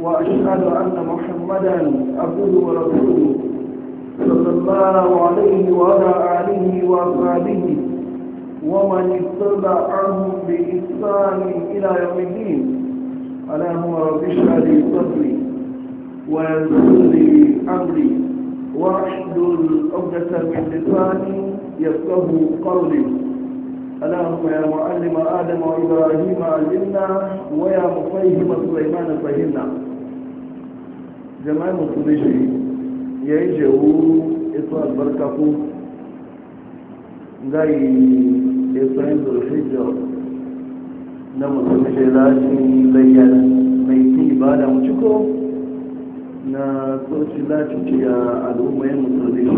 وأشهد أن محمدا عبده ورسوله صلى الله عليه وعلى آله وأصحابه ومن اتبعهم بإحسان إلى يوم الدين اللهم رب اشهد صدري ويسر لي أمري واحلل عقدة من لساني يفقه قولي اللهم يا معلم آدم وإبراهيم علمنا ويا مفهم سليمان فهمنا جماعة مسلمين يجوا إسوا البركة غاي إسوا الحجة na musulmi lashin layya mai ti ba da muciko na soci lashin ce a al'ummai musulmi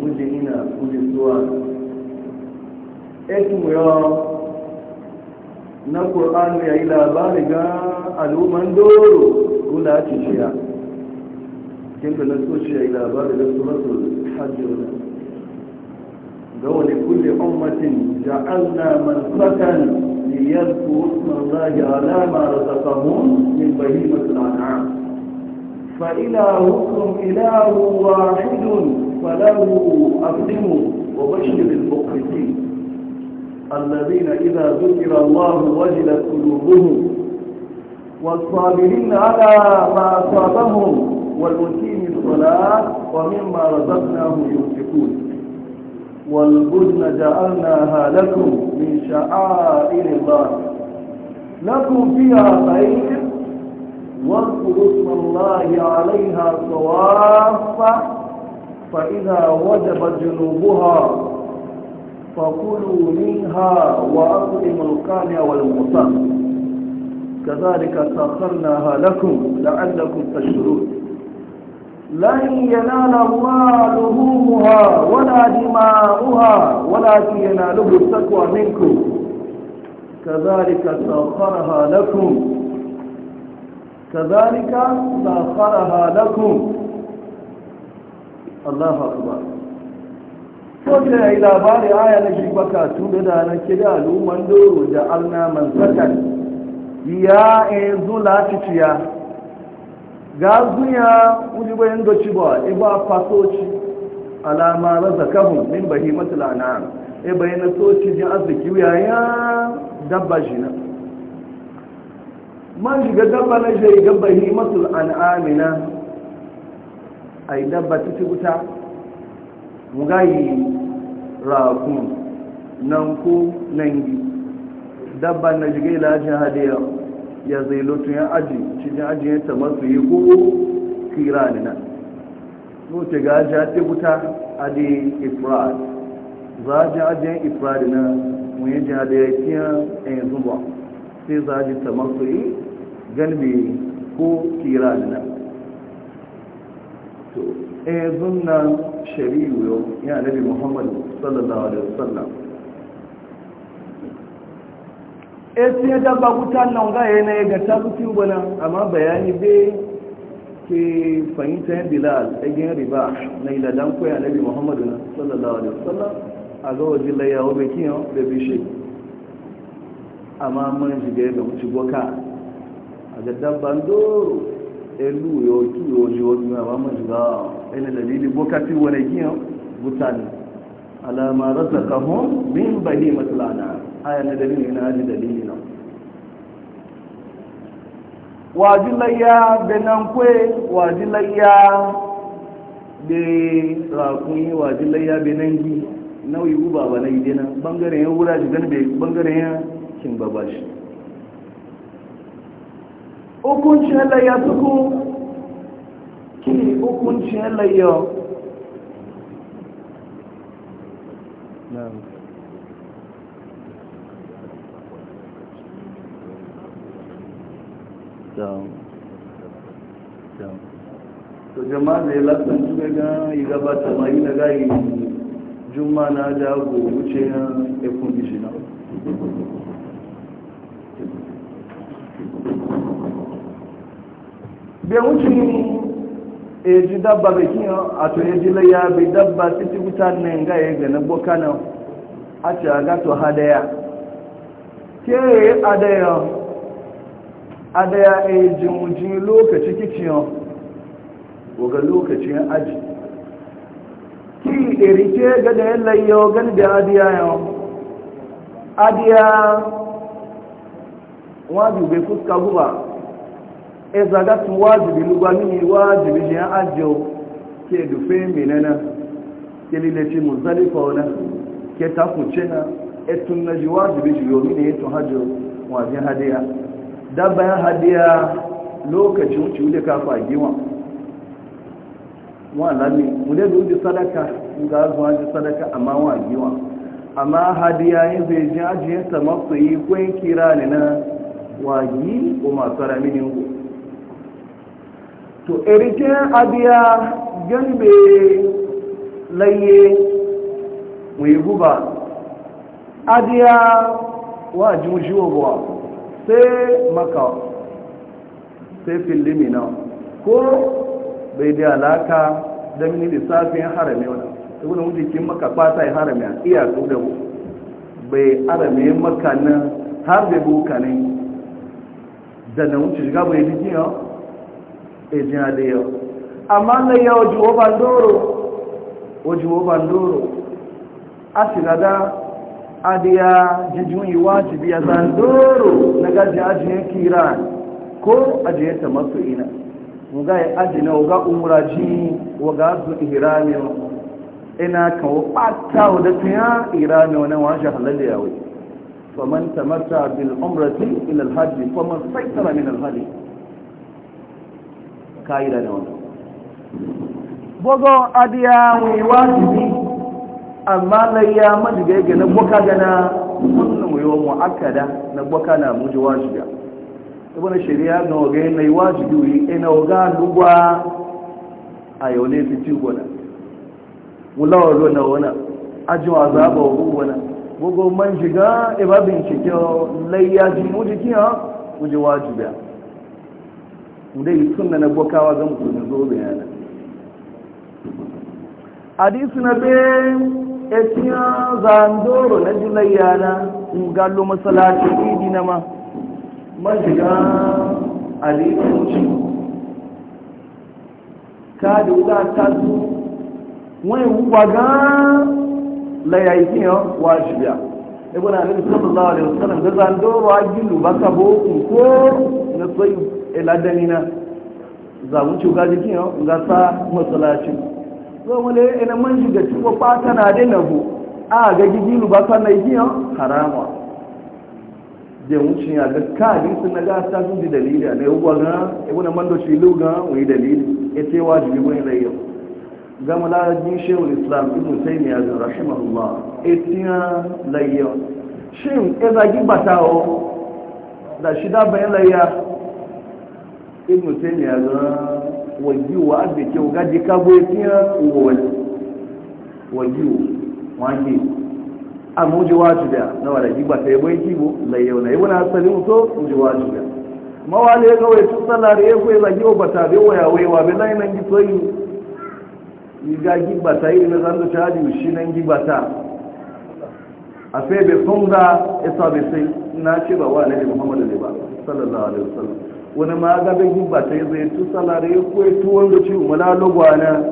mujin mujin zuwa etu ya na ƙor'anu ya yi labari ga al'umman doro kula ci shiya kin da na soci ya yi labari da suratul hajjiyar ga wani kulle ummatin ja'alna man sakan liyarku usman zahi alama da sakahun min bahimatul an'am فإلهكم إله واحد فله أسلموا وبشر المخلصين الذين إذا ذكر الله وجلت قلوبهم والصابرين على ما أصابهم والمتين الصلاة ومما رزقناه ينفقون والبدن جعلناها لكم من شعائر الله لكم فيها خير واذكروا اسم الله عليها صواف فإذا وجبت جنوبها فكلوا منها وأطعموا القانع والمصاب كذلك سخرناها لكم لعلكم تشكرون لن ينال الله لهومها ولا دماؤها ولكن يناله التقوى منكم كذلك سخرها لكم كذلك سخرها لكم الله أكبر ko ya yi labari aya na shi baka tuɗe da na ke da al'umman doro da alna man ya e zula titiya ga zuya wuli bayan doci ba e ba fasoci alama na kahun min bahimatul anam e bayan soci jin arziki ya dabba shi na man shiga dabba na shi ga amina a yi dabba titi wuta ngayi rakun nan ku nan yi dabba na jigai lajin hadiya ya zai lotun ya aji cikin ya ta masu yi ko kira ne nan ce ga ajiya ta buta a ifrad za a ji ajiyar ifrad na mun yi hadiya ya kiya a yanzu ba sai za a ji ta masu yi galbe ko kira ne nan e zunna shari'u yau ya nabi muhammadu sallallahu alaihi wasallam e sai da ba kutan nan ga yana ya ga tabutin na amma bayani be ke fahimta ya bilal ɗagen riba na iladan ya nabi muhammadu sallallahu alaihi wasallam a ga wajen layawa bai kiyan be bishe amma man ji ya ga wuce boka a ga dabban doro elu yo ki yo ji wani ma ma ga ila dalili bokati wala giya butani alama ma razaqahum min bahimatil anam aya na dalili ina aji dalili na wajilayya benan kwe wajilayya be rakuni wajilayya benan gi nau'i uba ba na idena bangaren ya wura shi gani bangaren ya kin babashi hukuncin layya suku ki hukuncin layya to jama'a da ya lasan suka ga yi gabata mai na gayi juma na jago wuce ya ekun bishina ya wuce eji dabba bai kiyo a to ya ji laya bai dabba titi wutan nan ga ya gana bokanan a ce a gato hadaya ke adaya adaya a jinwuji lokaci kiciyo ga lokacin aji ki erike ga da yan layo gani da adiya yau adiya wadu bai fuska guba e zaga wajibi lugba mini wajibi ajo ke dufe minana ke lilaci muzalifa wani ke takunce na etun na ji wajibi ji hadiya lokacin sadaka sadaka amma amma hadiya yin zai ji ajiyarsa masu yi kwen kira ne na wagi ko masu to irikin abiya ganbe laye mai guba adiya wa jimshiwa obuwa sai maka sai filimina ko bai da alaka don ni lissafin harami wani wuce kin maka fata ya harami a iya su da bai harami maka nan har da bukanin da na wuce shiga bai jikin yau ejin aliyu amma na ya ojuwo bandoro ojuwo bandoro a sinada adiya jijin iwajibi ya zandoro na gajin ajiyar kiran ko ajiyar ta masu ina ga yi ajina ga umuraji ga su ihiramiyo ina kan wata wadda tuya iramiyo na wajen halalliya wai faman tamarta bil umrati ila faman saitara min alhaji kaira na wannan bogo adiya mai wajibi amma layya madiga yake na boka gana wannan mai mu akada na gboka na muji wajibi ibn shari'a ga waga na mai wajibi yi e ina waga lugwa a yau ne fiti gona wulawar rona wana ajiyar zaba wana bogo man shiga iba bincike layya ji muji kiyan muji wajibi dai sunna na bokawa zan ku na zo bayana hadisi na be etiya zandoro na julayya na ngallo masalati idi na ma majiga alikunci ka da wuta ta zu wani ga layayi yau wajibiya ibn ali sallallahu alaihi wasallam da zandoro a gilu ba bo ko na tsayi iladani na zamu ci jikin yau ga sa masalacin zo mu le ina man ji ga tuwa fata na da nabu a ga gigilu ba sa na yi harama je wucin ya ga kadi sun na gasa sun ji dalili ne ugwa ga na mando shi lu e ga wani dalili ete wajibi mun da yau gama la ne ya islam shi taymiya ya etiya layya shin ya e zagi o da shida bayan layya ibn taymiya ga wajiwa da kyau ga ji kabo tiya wa wajiwa wani amma ujiwa su da na wada ba ta yabo yake bo lai yau na yau na asali mutu ujiwa su da mawale ga wai tun sallar ya kuwa zagi wa bata bai waya wai wa bai lai nan gito yi ga giba ta yi na zanga ta hadi shi nan giba ta a sai bai ya sa bai sai na ce ba wa nabi muhammadu ne ba sallallahu alaihi wasallam wani ma ga da ba ta yanzu zai tu salare ko ya tu wanda ci umala lugwana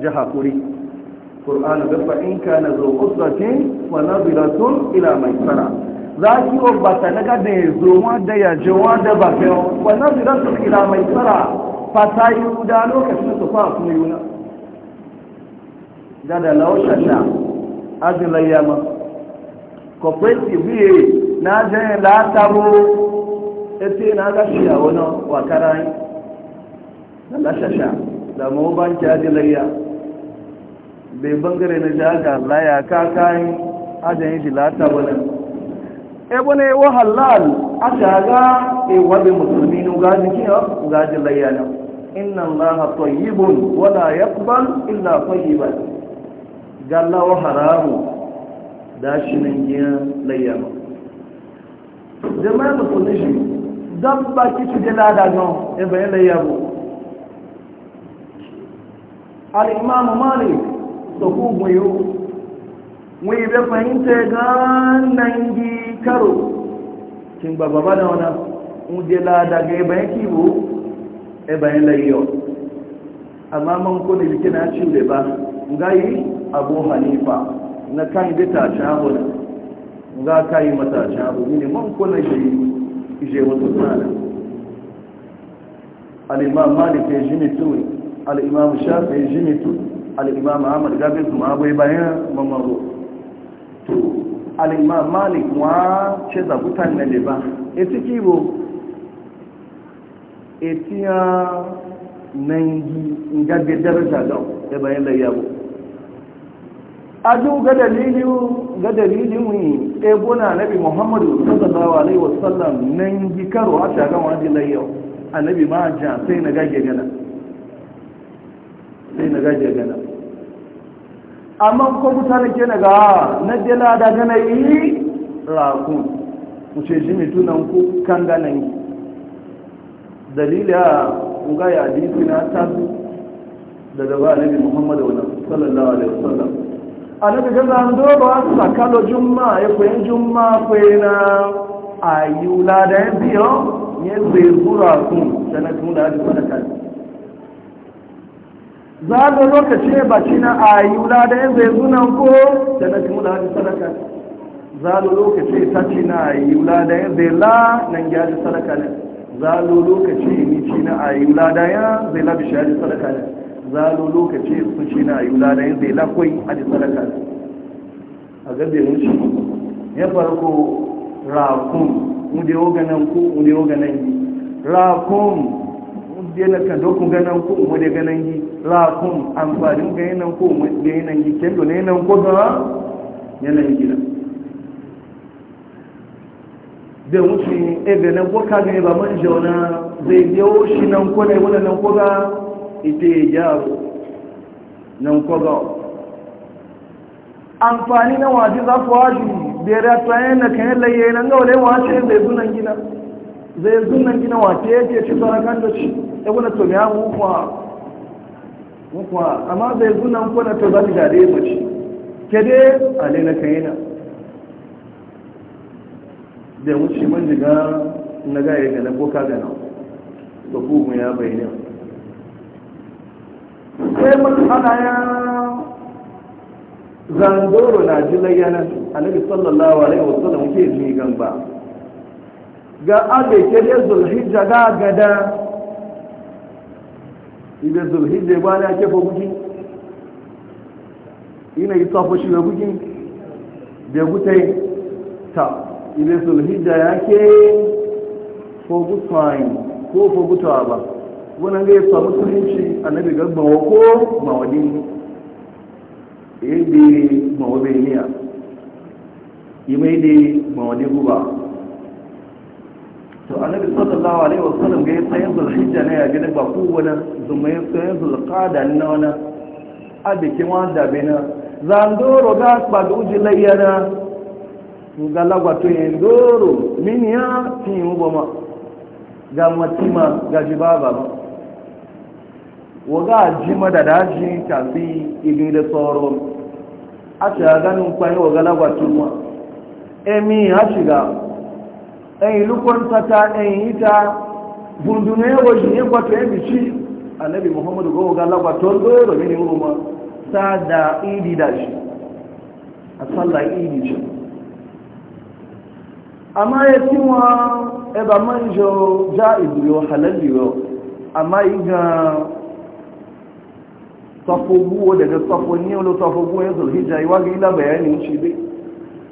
ji hakuri qur'an da fa in kana zo usratin wa nadiratun ila maisara za ki wa ba ta daga da ya zo ma da ya je wa da ba ta wa nadiratun ila maisara fa ta yi da lokacin su fa su yuna da da lawshasha azilayya ma biye na je la tabo ete na aga shi a wani wakara yi da lashasha da mu banki ya dilayya bai bangare na jaga laya kakayin yi jilata wani ebe ne wa halal a shaga ewa bai musulmi ne ga jikin ga dilayya nan inna allah tayyibun wala yaqbal illa tayyiban galla wa haramu da shi ne yin layya ba jama'a musulmi shi dan ba kici da lada no e bayan da yabo al imam malik so ku buyo wai da fahimta ga nan gi karo kin baba ba da wana mu de lada ga bayan kibo e bayan layo amma man ko da kina ci da ba ngai abu hanifa na kan bita shahuna ga kai mata shahu ne man ko na ije wasu tsada al'imam malik ya ji mitu al'imam shafi ya ji mitu al'imam ahmad gabin su ma bai bayan mamaro to al'imam malik wa ce zabutan na liba eti kibo eti ya nan yi gabe daraja don ya bayan layyabo adu ga dalilu ga dalilin wi ebona nabi muhammadu sallallahu alaihi wasallam nan gikaro a shagan wani layo annabi ma ja sai na gage gana sai na gage gana amma ko mutane ke na ga na dela da gana yi rakun ce shi mai tunan ku kan ganan yi dalilin ga ya hadisi na tasu daga ba annabi muhammadu sallallahu alaihi wasallam annabi ga zan doba sakalo juma ya koyan juma kwayi na ayi ayula da biyo ne zai zura kun sana tun da hadisi da kai za ga lokaci ba shi na ayula da zai zuna ko sana tun da hadisi da kai za ga lokaci ta ci na ayula da zai la nan ya ji sadaka ne za ga lokaci ni ci na ayula da zai la bi shi sadaka ne zalo lokaci su shi na yi yin zai lakwai a da sadaka a gabe shi ya farko rakun mude yau ganan ku mude yau ganan yi rakun mude na kan dokun ganan ku mude ganan yi rakun amfanin ga yanan ku mude yanan yi kendo na yanan ko eh, ga yanan gida da wuce ebe na ko ka ne ba man jauna zai biyo shi nan kwanai wadannan wannan ko ite yaro nan kwaga amfani na waje za ku waje bere a tsayen na kayan laye nan ga wale wace zai zunan gina zai zunan gina wace yake ci kan da shi ya wani to ya mukwa mukwa amma zai zunan kwana to za mu gare mu ci kede ale na kayan da wuce man jiga na gaya ga na boka gana da kuma ya bayyana sai matsala ya zangoro na jilayya nan annabi sallallahu alaihi wasallam ke ni gamba ga abe kele zulhijja ga gada ibe zulhijja ba na kefa bukin ina yi tsafa shi ga bukin da gutai ta ibe zulhijja ya ke fogusain ko ba wani ga ya samu musulunci annabi ga mawa ko mawadi ya yi mawa beniya yi mai da mawadi guba to annabi sallallahu alaihi wasallam ga gaya sayan zulhijja na ya gida ba wani zuma ya sayan zulqada na wani abikin wanda bena zandoro ga ba da uji layyana ga lagwato yin doro miniya ya fi yi ga matima ga jibaba ba waga jima da daji tafi igin da tsoron a shiga ganin kwaye waga lagwacin wa emi ha shiga Enyi lukwanta ta ɗan yi ta bundune wa shi ne kwata ya muhammadu ga waga lagwacin zoye domin yi ruma ta da idi da shi a idi ce amma ya tiwa eba manjo ja'ibu yau halalli yau amma yi safo buwo daga safo ni wani safo buwo ya zulhijja yi waga ila bayanin shi dai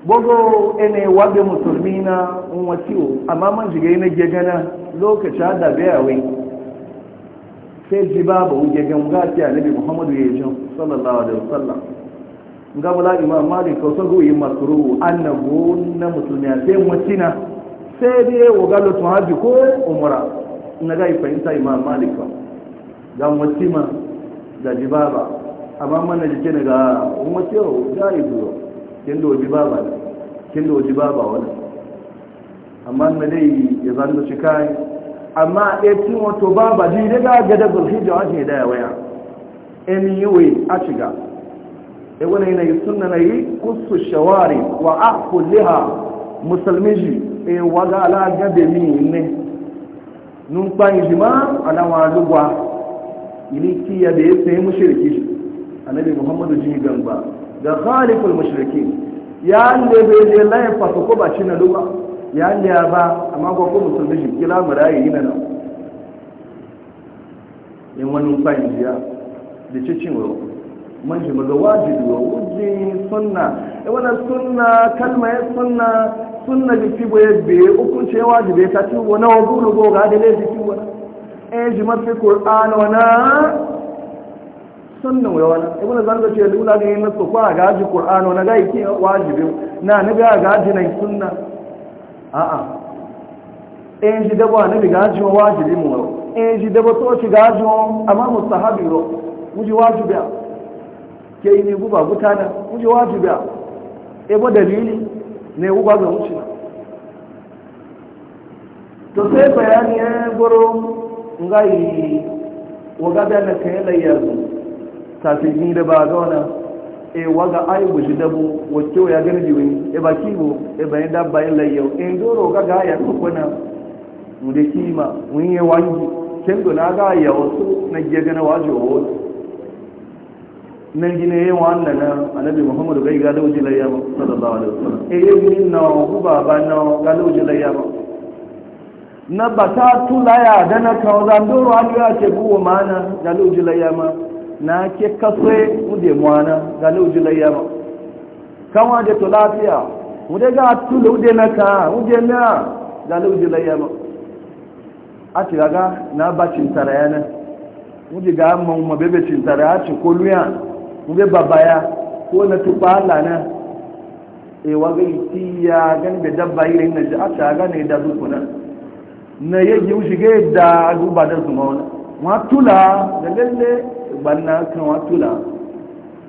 bogo ene waga musulmi na nwa amma man jiga yi na gegana lokaci da bayawai sai ji babu wuge ganga ti annabi muhammadu ya jin sallallahu alaihi wasallam nga bala imam malik ko so goyi makru annabu na musulmi a sai mutina sai dai wogalo to haji ko umra naga ifanta imam malik ga mutima da jibaba amma mana jike ne ga kuma cewa oh, jari zuwa kin da jibaba kin da jibaba wani amma na dai ya zan shi kai amma a cin wato baba ji ga gada zulhijja wajen da ya waya in yi wai a shiga ya eh, wani yanayi sunna na yi kusu shawari wa a kulliha musulmi ji e eh, waga ala gabe mi ne numfayin ji ma wa lugwa kiya da ya sayi mushriki annabi muhammadu ji gamba ga khaliful mushriki ya ne bai je layin fasa ko ba shi na duba ya ne ya ba amma ko ko musulmi shi kila murayi na nan in wani fayin jiya da cicin wa man shi maza wajibi wa wuji sunna e wani sunna kalma ya sunna sunna da fibo ya biye hukunce wajibi ta ci wa nawa gulu go ga da laifi fibo na eji mafi ƙur'an na sunnin wai wani ibn zanga ce lula ne na so kwa gaji ƙur'an wana ga yake wajibin na ni ga gaji na sunna a'a in ji daba ni ga gaji wajibi mu wai in ji dabo to ci gaji amma mustahabi ro muji wajibi ke yi ne guba gutana muji wajibi ebo dalili ne guba ga mushi to sai bayani ya goro ngai waga da na kai layar tafi da ba ga wannan e waga ai wuji dabu wacce ya gani biyu e ba kibo e bayan da bayan layyau e doro ga ga ya ko na mu da kima mun yi wangi kin do na ga ya wasu na je ga na wajo wasu nan gine yayin wannan na annabi muhammadu bai ga da wuji layyau sallallahu alaihi wasallam e yayin na ku baba na ga da wuji layyau na ba ta tulaya da na kawo zandoro hannu ya ce guwa mana ga lauji ma na ke kasai mude mwana ga lauji ma kama da to lafiya mude ga tula ude na ka ude na ga lauji ma a ci gaga na ba cintara yana mude ga amma ma bebe cintara a ci ko luya babaya ko na tufa Allah na ewa ga itiya gan e da dabba irin na ji a ci gaga da zukunan na yayi wuce da guba da su mawana wa tula da lalle banna kan wa tula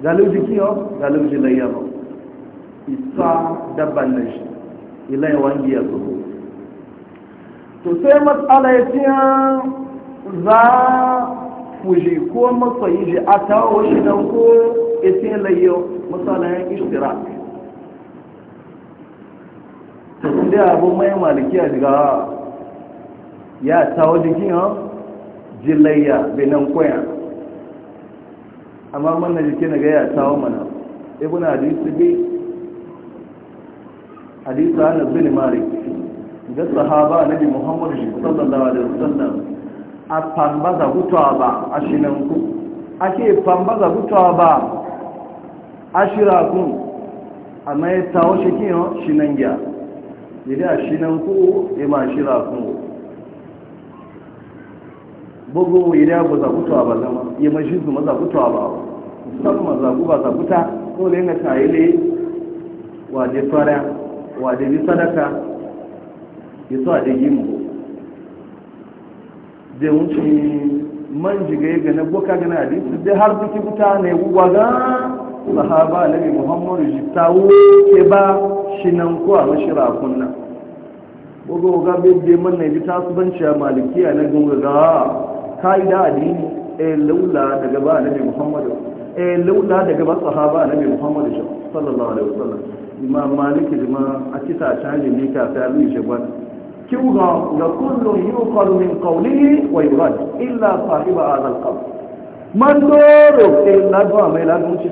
galu jiki yo galu ji layya ba isa da banna shi ilai wangi ya zo to sai matsala ya ce za fuji ko masoyi ji a tawo shi nan ko ita layyo matsala ya ishtirak to sun dai abun mai maliki a shiga ya tawo oh? jikin ha jilayya bai nan amma manna jiki na ga ya tawo mana ibn na bi hadisi ana bin malik ga sahaba nabi muhammad sallallahu alaihi wasallam a pambaza gutawa ba a shinan ku ake pambaza gutawa ba a shira amma ya tawo shi kiyo oh? shinan gya yadda a shinan ku ya ma shira kun gbogbo wai da ba zagutuwa ba zama ya mashi su mazagutuwa ba musamman mazagu ba zaguta ko da yana tayi ne waje fara waje bi sadaka ya so a da yi mu da wuce man jiga ya gana boka a hadisi da har suke wuta ne ga sahaba nabi muhammadu jitawo ke ba shi nan ko a mashira kunna gbogbo ga bebe man na bi tasubanci a malikiya na gungaga kaida addini eh laula daga ba nabi muhammadu eh laula daga ba sahaba nabi muhammadu sallallahu alaihi wasallam imam malik jima a kita tani ne ka ta yi shaban kiwa ga kullu yuqal min qawlihi wa yurad illa sahiba hadha al-qabr man doro eh ladwa mai ladun ci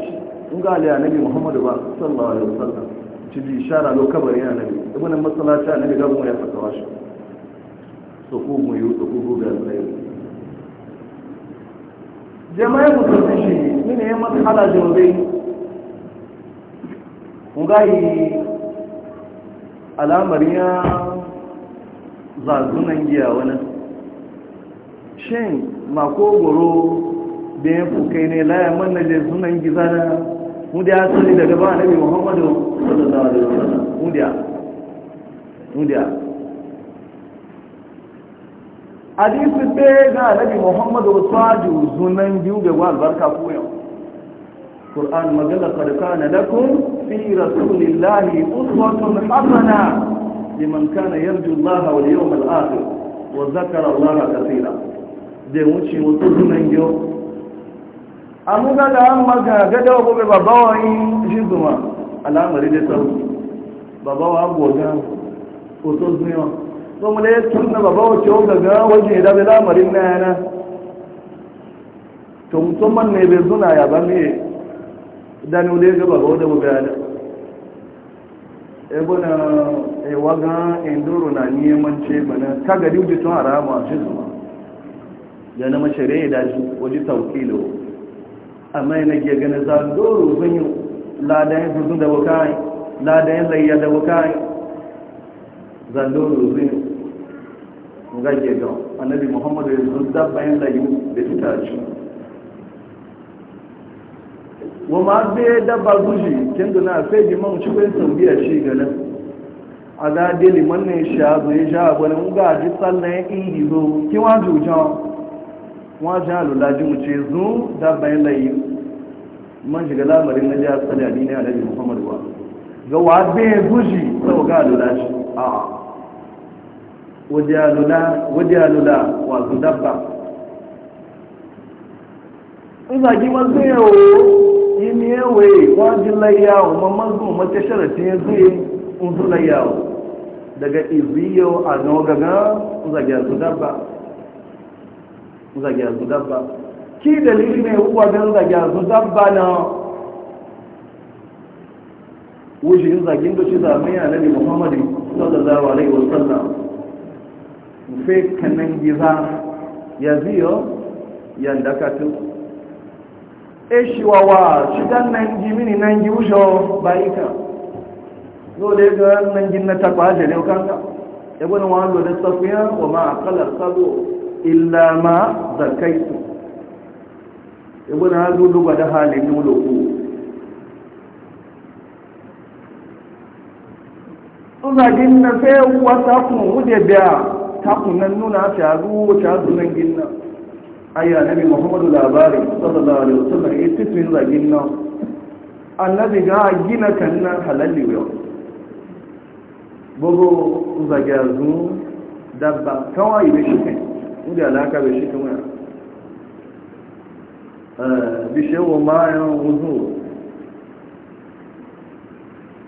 ga ali nabi muhammadu ba sallallahu alaihi wasallam ci bi shara lo kabari ya nabi ibn masallaci nabi gabu ya fatawa shi so ko mu yi so ko ga jama'i musulmi shi mini ya matsala jobe yi alamar ya zazunan giya wani shin kogoro da ya fuka ne layan manna da zunan giza na ya tsari daga ba na bi muhammadu sallallahu alaihi wasallam hudiya hudiya hadisi sai ga nabi muhammadu wasaju zunan biyu da wa albarka ko yau qur'an magana qad kana lakum fi rasulillahi uswatun hasana liman kana yarju allaha wal yawmal akhir wa dhakara allaha kaseera da wuce wato zunan biyu an ga da an maga ga da gobe babawai shi zuma al'amari da sauki babawa goga wato zunan so mu ne tunna da baba wace ga ga waje da bai lamarin na yana to man ne bai zuna ya ba me da ne ne ga baba da mu bayana e bona e waga enduro na neman ce bana kaga dubi tun harama ce zuma ya na mashari'a da shi waje tawkilo amma yana ge ganin za doro zan yi ladan zuzun da wakai ladan layya da wakai zan doro zan nga ke annabi muhammadu ya sun dabbayin da yi da ita ci wa ma be dabba guji kin da na sai ji mun ci ko sun biya shi ga nan a ga dele ne sha zo ya sha gwana mun ga ji sallan idi zo ki wa juja wa ja lo la ji mu ce da dabbayin da yi man shiga lamarin na ja sallani ne annabi muhammadu wa ga wa be guji sau ga lo la shi a'a wajalula wasu dabba zagi masu yawo yi ne yawo wajen layawo mamazu mace sharatin ya zuye unsu layawo daga iziyo a nogaga zagi su dabba zagi su dabba ki dalili ne uwa don zagi su dabba na wujin zagin da shi zamani a nabi muhammadu sallallahu alaihi wasallam fe kanan giza ya ziyo yanda katu e shiwawa shidan nan ji mini nan ji wujo bayi ka dole ga nan ji na takwa da ne kanka ya gwani wa lo da safiya wa ma aqala sabu illa ma zakaitu ya gwani ha lulu da halin lulu ku Ina gina sai wata kun wuce biya kakunan nuna sharu sharunan ginna ayya nabi muhammadu labari sallallahu alaihi wasallam ya titin za ginna annabi ga gina kan nan halalli yau bugu zagazu dabba kawai bai shi kai inda alaka bai shi kai eh, bishewa mayan wuzu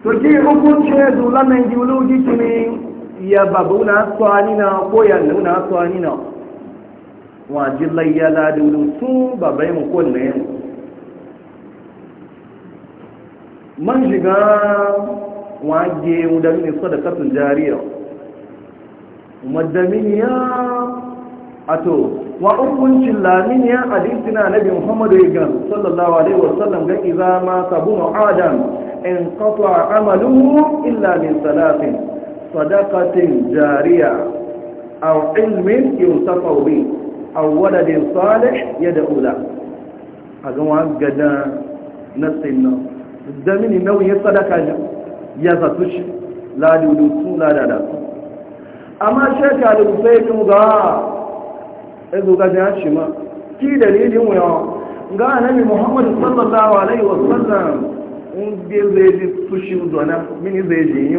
to ki hukunce zulanin gilu gikini ya babu na na ko ya nuna tsanina wajin layya ladin su babai mu ko na man shiga waje mu da mini so da katun jariya madaminiya ato wa hukuncin laminiya adisina nabi muhammadu ya gan sallallahu alaihi wasallam ga iza ma sabu adam in qata amaluhu illa min salatin صدقة جارية أو علم ينتفع به أو ولد صالح يدعو له أقوى قد النوم الزمن النوي صدقة يزتش لا لولوس لا لا لا أما شك على الوسيط مغا إذو قد نشما كي دليل يوم يوم قال نبي محمد صلى الله عليه وسلم ان بيزيد تشيو دونا mini zai ji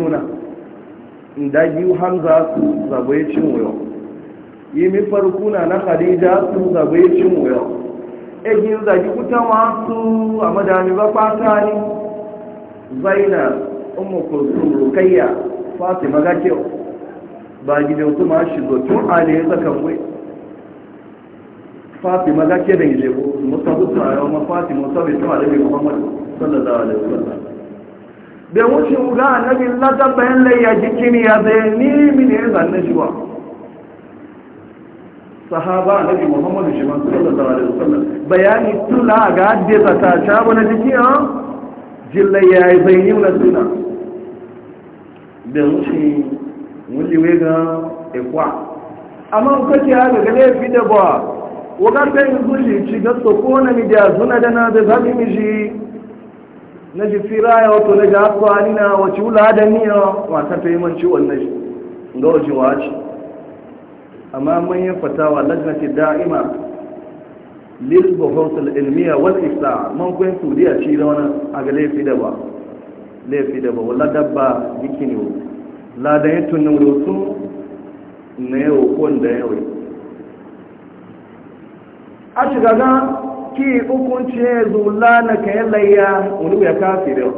da giyu hamza su zabai cin wuyo Yimi mi farkuna na khadija su zabai cin wuyo egin zagi kuta masu a madami ba fata ne zaina umu kulsum rukayya fatima ga kyau ba gidan su ma shi zo tun a ne zaka kwai fatima ga ke da ije ko musa musa yawon fatima musa bai tun a da bai muhammadu sallallahu alaihi wasallam da wuce ga annabi lada bayan layya kini ya zai ni mini ya zanne shi ba sahaba annabi muhammadu shi ma sallallahu alaihi wasallam bayani tula ga hadde ta ta wani jiki ha jillayya ya zai ni na suna da wuce wuli we ga ekwa amma kace ya ga ne fi da ba wagar bai zuci ci ga sokona mi da zuna da na da zabi mi shi na ji ya wato na ji hasko halina wace wula da niya wata ta yi man ciwon na shi ga wace wace amma wa fatawa lajnati da'ima lil bahotul ilmiya wal ifta man kun sudiya ci da wani a ga laifi da ba laifi da ba wala dabba biki ne. la da ya rutu na yau ko da yau a shiga ga ki hukunci ya zula na ka yalaya wani ya kafirin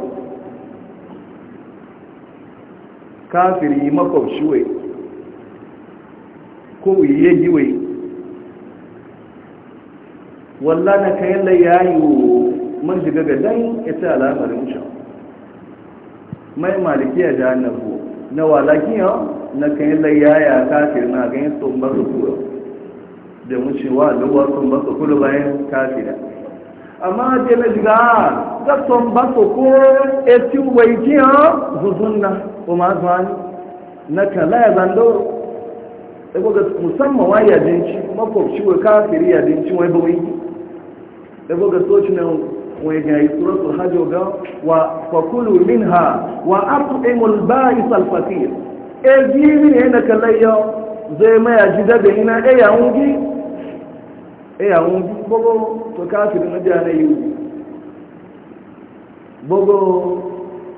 kafiri makwabshiwe ko wiye giwe walla na ka yalaya yi man shiga ga dan ita al'amarin shan mai malikiya da annabu na walakiya na ka yalaya ya kafirin na ganin tsumbar rukuru da wa luwa wasu ba su kudu bayan kafira amma da na diga ga sun ba su ko eti waikiya zuzunna kuma zuwani na kala ya zando ɗago ga musamman wa yadinci makwabci wa kafiri dinci wai ba wai ɗago ga soci na wai ga yi suratul hajjo ga wa fakulu minha wa aqimul ba'is al-fakir e jiri ne na kala yau zai maya ji da ina ɗaya hungi eh àwọn gbogbo tó káàkiri na jẹ́ anayi gbogbo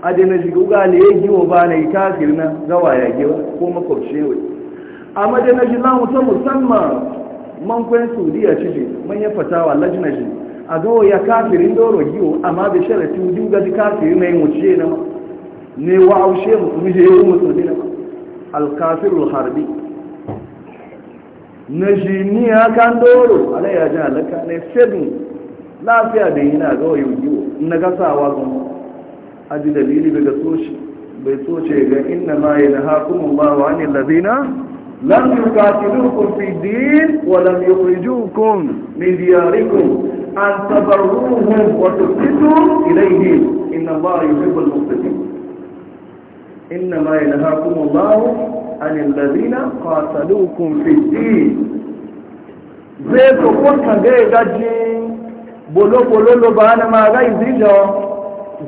adẹ́nàjì gbogbo alẹ́ yìí wọ ba na káàkiri na gawa ya gewa ko makwabce wai ta musamman man kwen saudiya cije fatawa lajinaji a gawa ya kafirin doro giwo amma da sharafi wuju gaji kafirin na yin wuce na ne wa aushe mu je yi mu saudi na alkafirul harbi na shi ni haka doro ala ya ji halaka ne fedin lafiya da yi na gawa yau yiwu na gasawa zama a ji dalili daga soci bai soce ga inna ma yi na hakunan ba wa ne lazina lam yi katilu kun fi din wa lam yi kurju kun min diyarikun an tabarruhun wa tufitu ilaihi inna ba yi fi bulmustafi inna ma yi na hakunan ba anil ladina qataluukum fi din zai ko kunta gaji bolo bolo lo bana ma ga izijo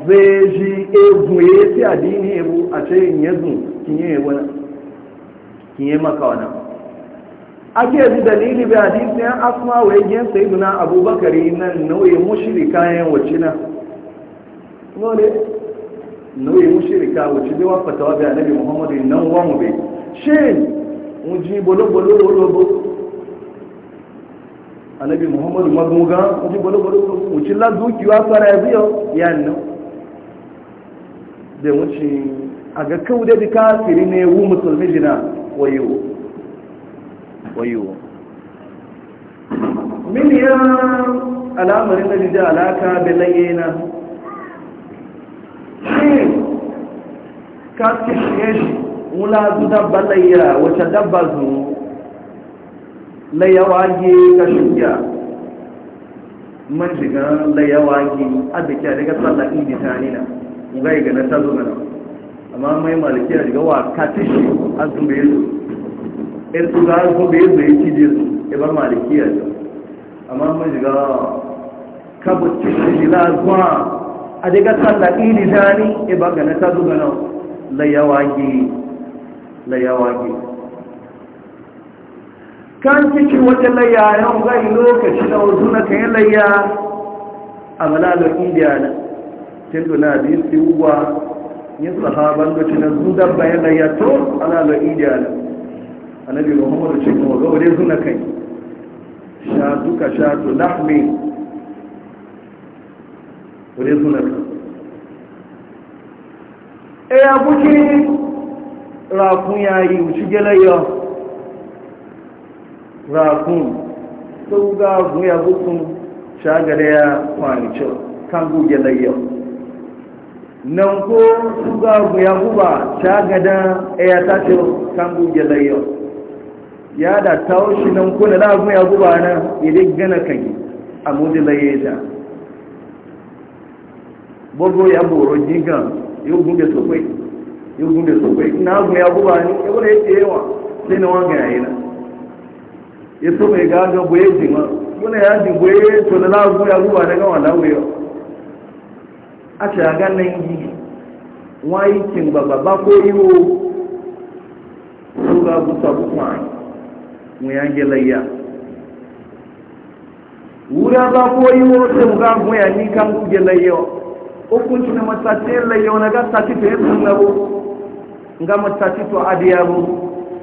zai ji egun e adini ebu a ce kinye wala kinye maka wana ake ji dalili bi hadisi an asma wa yin sayyiduna abubakari nan nauyi mushrika yan wacina nore nauyi mushrika wacce da wafata wa bi annabi muhammadu nan wa mu bai ṣe ń jí bolóbolo olóbo anabi muhammadu magunga ń jí bolóbolo olóbo ń wá fara ẹbí ọ yà nà bẹ̀ wọ́n jí aga kawo da dika firi ne wu musulmi jina wayo da alaka shi wula zu dabba layya wace dabba zu layawa ge ka shirya man shiga layawa ge abiki a daga sallah idi ta nina ugai ga na tazo na amma mai malaki a daga wa katishi azun bai zo in su ga azun bai zo ya cije su ibar malaki a zo amma man shiga kabuci shi lazuwa a daga sallah idi ta ni ibar ga na tazo na layawa ge na yawa ke kan ciki wata layya yau gai lokaci da wasu na kayan layya a malalar indiya na tindu na biyu uwa yin sahaban da cinan su bayan layya to malalar indiya na annabi muhammadu cikin wa gaure suna kai sha duka sha to lahmi wuri suna kai e eh, abuki rakun yayi wuci gelayya rakun sau ga ya hukun shagada ya kwanice kan gu gelayya nan ko su ga ya guba shagada ya tace kan gu gelayya ya da taushi nan ko da lagun ya guba nan idan gana yi a laye ta gbogbo ya boro gigan yi gúnbẹ̀ tó pé yi gube na ya ni ya wani yake yawa sai na wani ya so mai gaga boye jima wani ya ji boye to na lagu ya guba daga wani lagu yau a ce a gan nan yi wani kin baba ba ko iwo su ga ya gelayya wura ba ko iwo sai mu ga mu ya ni kan gelayya hukunci na masace na ga nga matati to adiyabu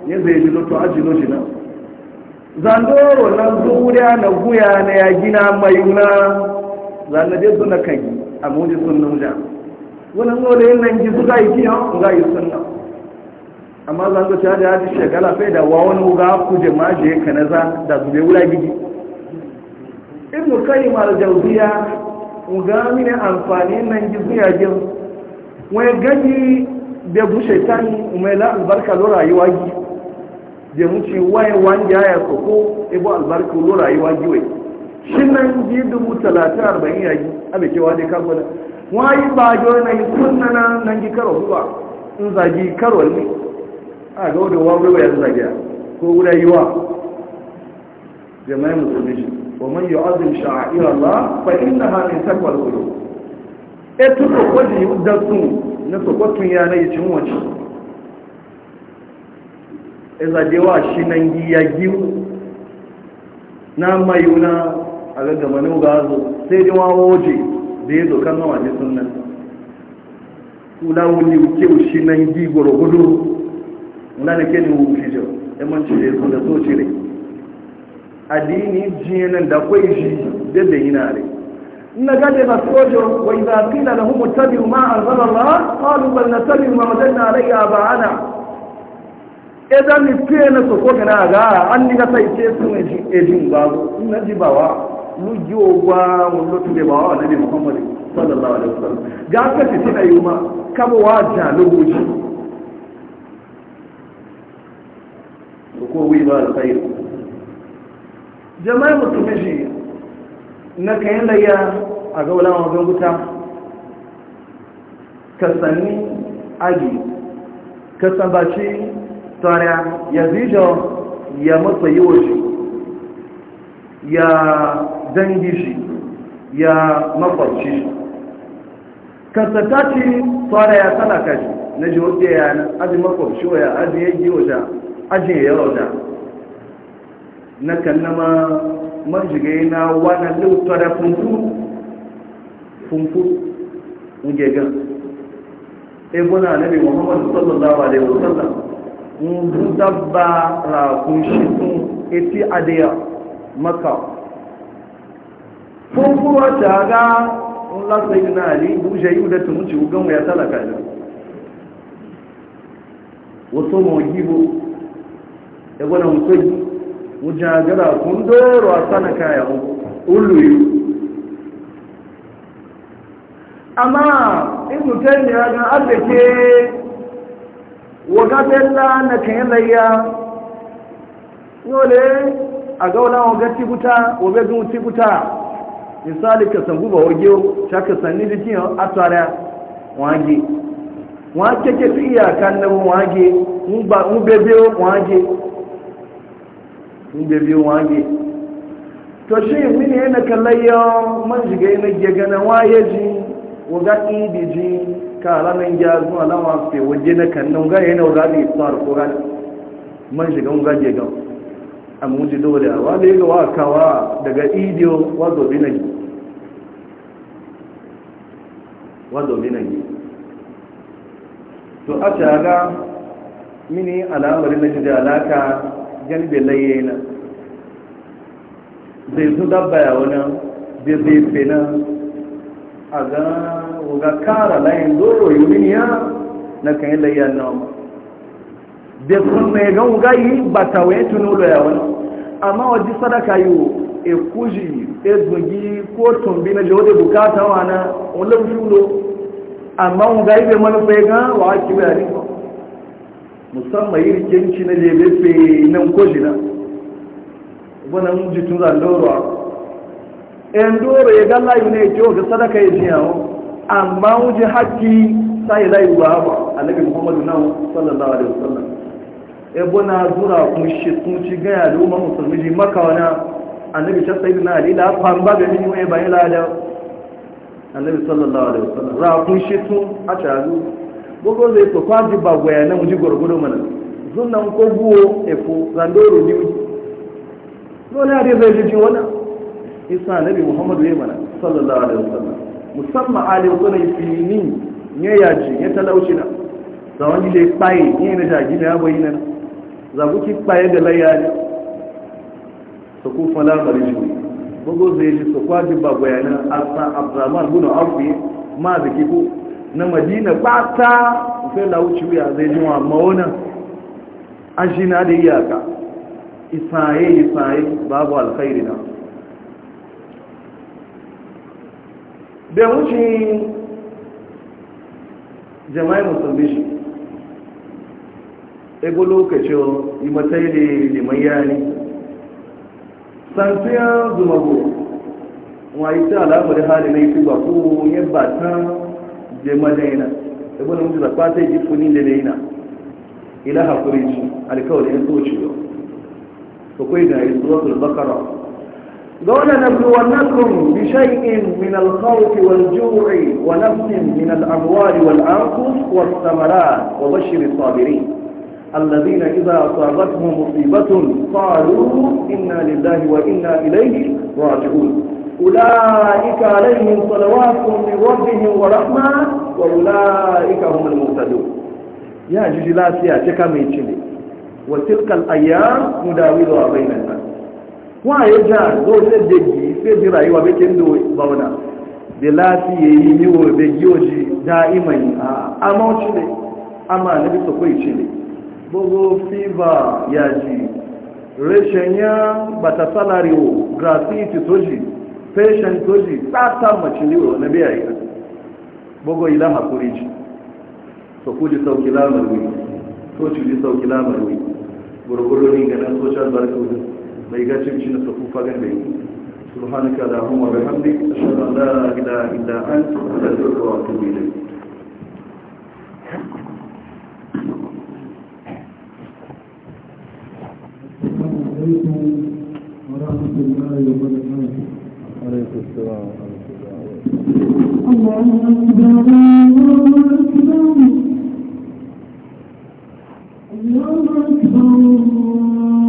ya zai jilo to ajilo jina zandoro na zuriya na guya na ya gina mai zanna zanade suna kai a muji sunna muja wani ngole nan ji suka yi kiyo nga yi sunna amma zando ta da haji shagala fa da wa wani ga ku je maje kana za da zube wula gidi ibnu kayyim al-jawziya uga mini amfani nan ji zuya gin wai gaji da gushe tani umaila albarka lo rayuwa gi da muci waye wanda ya ko? ibo albarka lo rayuwa gi wai shin nan ji dubu talatin arba'in ya gi abe kewa dai kan gwada wayi ba jo na yi sunna na nan gi karo zuwa in zagi karo ne a ga wadda wa gaba ya zagi ko guda yiwa? wa jama'i musulmi wa man yu'azzim sha'a'ir Allah fa innaha min taqwa al-qulub etu sokwa ji da na sokwa tun ya na yicin wace izadewa shi nan giya giyu na mayuna a gaggamanin gazo sai dai wawo waje da ya dokan na waje sun nan kula wuli wuke shi nan gi gwargwado na da ke ne wuce jau yamanci da ya so da so cire addini jiyanan da kwai shi da da yi نجلب السجر وإذا قيل لهم اتبعوا ما أنزل الله قالوا بل نتبع ما وجدنا عليه آباءنا إذا مسكينة سقوطنا أغارة أني نتيجي سنة إجين بابو نجيبوا lujowa mulotu da bawa na bin muhammad sallallahu alaihi wasallam ga aka fiti da yuma kama wa jalubuji ko wi ba da sai jama'a mutum shi na kayan layya a ga wala wajen wuta ka sanni agi ka sambaci tsara ya zijo ya matsayi waje ya dangi shi ya makwarci shi ka sataci tsara ya talaka shi na ji ya ya aji makwarci wa ya aji ya yi wajen aji ya yi wajen na kannama marjiga na wani lauta da funfu funfu unge gan ebona nabi muhammadu sallallahu alaihi wasallam ndu dabba ra kun shi sun eti adiya maka funfu wata ga nla sayi na ali buje yi da tumuci ugan ya talaka ne wasu mawajibu ebona musoyi wujagara kun doro a sana kaya uluyu amma in mutum ya ga arziki wagatella na kayan layya yole a gauna waga tibuta wabe zuwa tibuta misali ka san guba wagiyo ta ka sanni jikin atara wage wake ke fi iyakan nan wage mu bebe wage inda biyu wage to shi mini yana kallayo man shiga yana gegana waye ji waga idi ji ka ranar ya zuwa lawa fe waje na kannan ga yana waga da ifar ko ga man shiga ga gega amma wuce dole a wada ga wa kawa daga idiyo wazo binagi wazo binagi to a taga mini al'amari na alaka. gani bai laye na zai su dabba ya wani bai zai fi na a ga wuga kara layin zoro yi miniya na kan yi laye na ma bai sun na ya gan wuga yi ba ta waye tunulo ya wani amma wajen sadaka yi wo ekuji ezungi ko tumbi na jode bukata wana wani lafi ulo amma wuga yi wa musamman yi rikenci na jebefe nan kojina wannan jitun zandorowa yan doro ya galla yi ne ke wata sadaka ya jiyawo amma wuce haƙƙi sai layi ba ba annabi muhammadu nan sallallahu alaihi wasallam ebo na zura kun shi sun ci gaya da umar musulmi ji maka wani annabi ta sai na alila famba ga mini wani bayan lada annabi sallallahu alaihi wasallam ra kun shi sun a shazu gbogbo zai to kwaji ba gwaya na muji gwargwado mana zunan ko buwo efo zandoro biyu dole a zai ji wannan. isa nabi muhammadu ya mana sallallahu alaihi wasallam musamman ali wasu na ifini ya yaji ya talauci na zawon gida ya kpaye ya na jagi na ya bayi na zagu ki kpaye da layya ne su ku fala bari shi gbogbo zai ji su kwaji ba gwaya na asa abdurrahman guna afiye ma zaki ko na madina bata sai lauci wuya zai ji wa mauna an shi na da iyaka isaye isaye babu alkhairi na da wuce jama'i musulmi shi ego lokacin yi matsayi da liman yani santiya zumago wa ita alamar hali na yi fi ba ko yin batan je madaina ibn mutu da kwata ji funi da daina ila hakuri ji alkawari ya soci yau to kai da yi suratul bakara dole na nakum bi shay'in min al-khawf wal-ju'i wa nafsin min al-amwali wal-anfus was-samarat wa bashir as-sabirin الذين إذا أصابتهم مصيبة قالوا إنا لله وإنا إليه راجعون أولئك عليهم صلوات من ربهم ورحمة وأولئك هم المهتدون يا جلاتي يا تكامي تشلي وتلك الأيام نداولها بين الناس waye ja zo sai deji sai ji rayuwa bai kin doyi bauna da lafiye yi ni wo da yoji daimai a amauci ne amma na bisa bogo fever ya ji rashin ya bata salary wo fashion koji tsata mace liwa na biya yi bugo ila hakuri ji so ku ji sauki lamar wi to ci ji sauki lamar wi gurgurun ni ganin social barkudu mai gacin shi na fagen da yi subhanaka da hama bai hamdi ashadu an la ilaha illa anta astaghfiruka wa atubu ilayk Thank you. ورحمة الله وبركاته عليكم السلام الله أكبر الله أكبر الله أكبر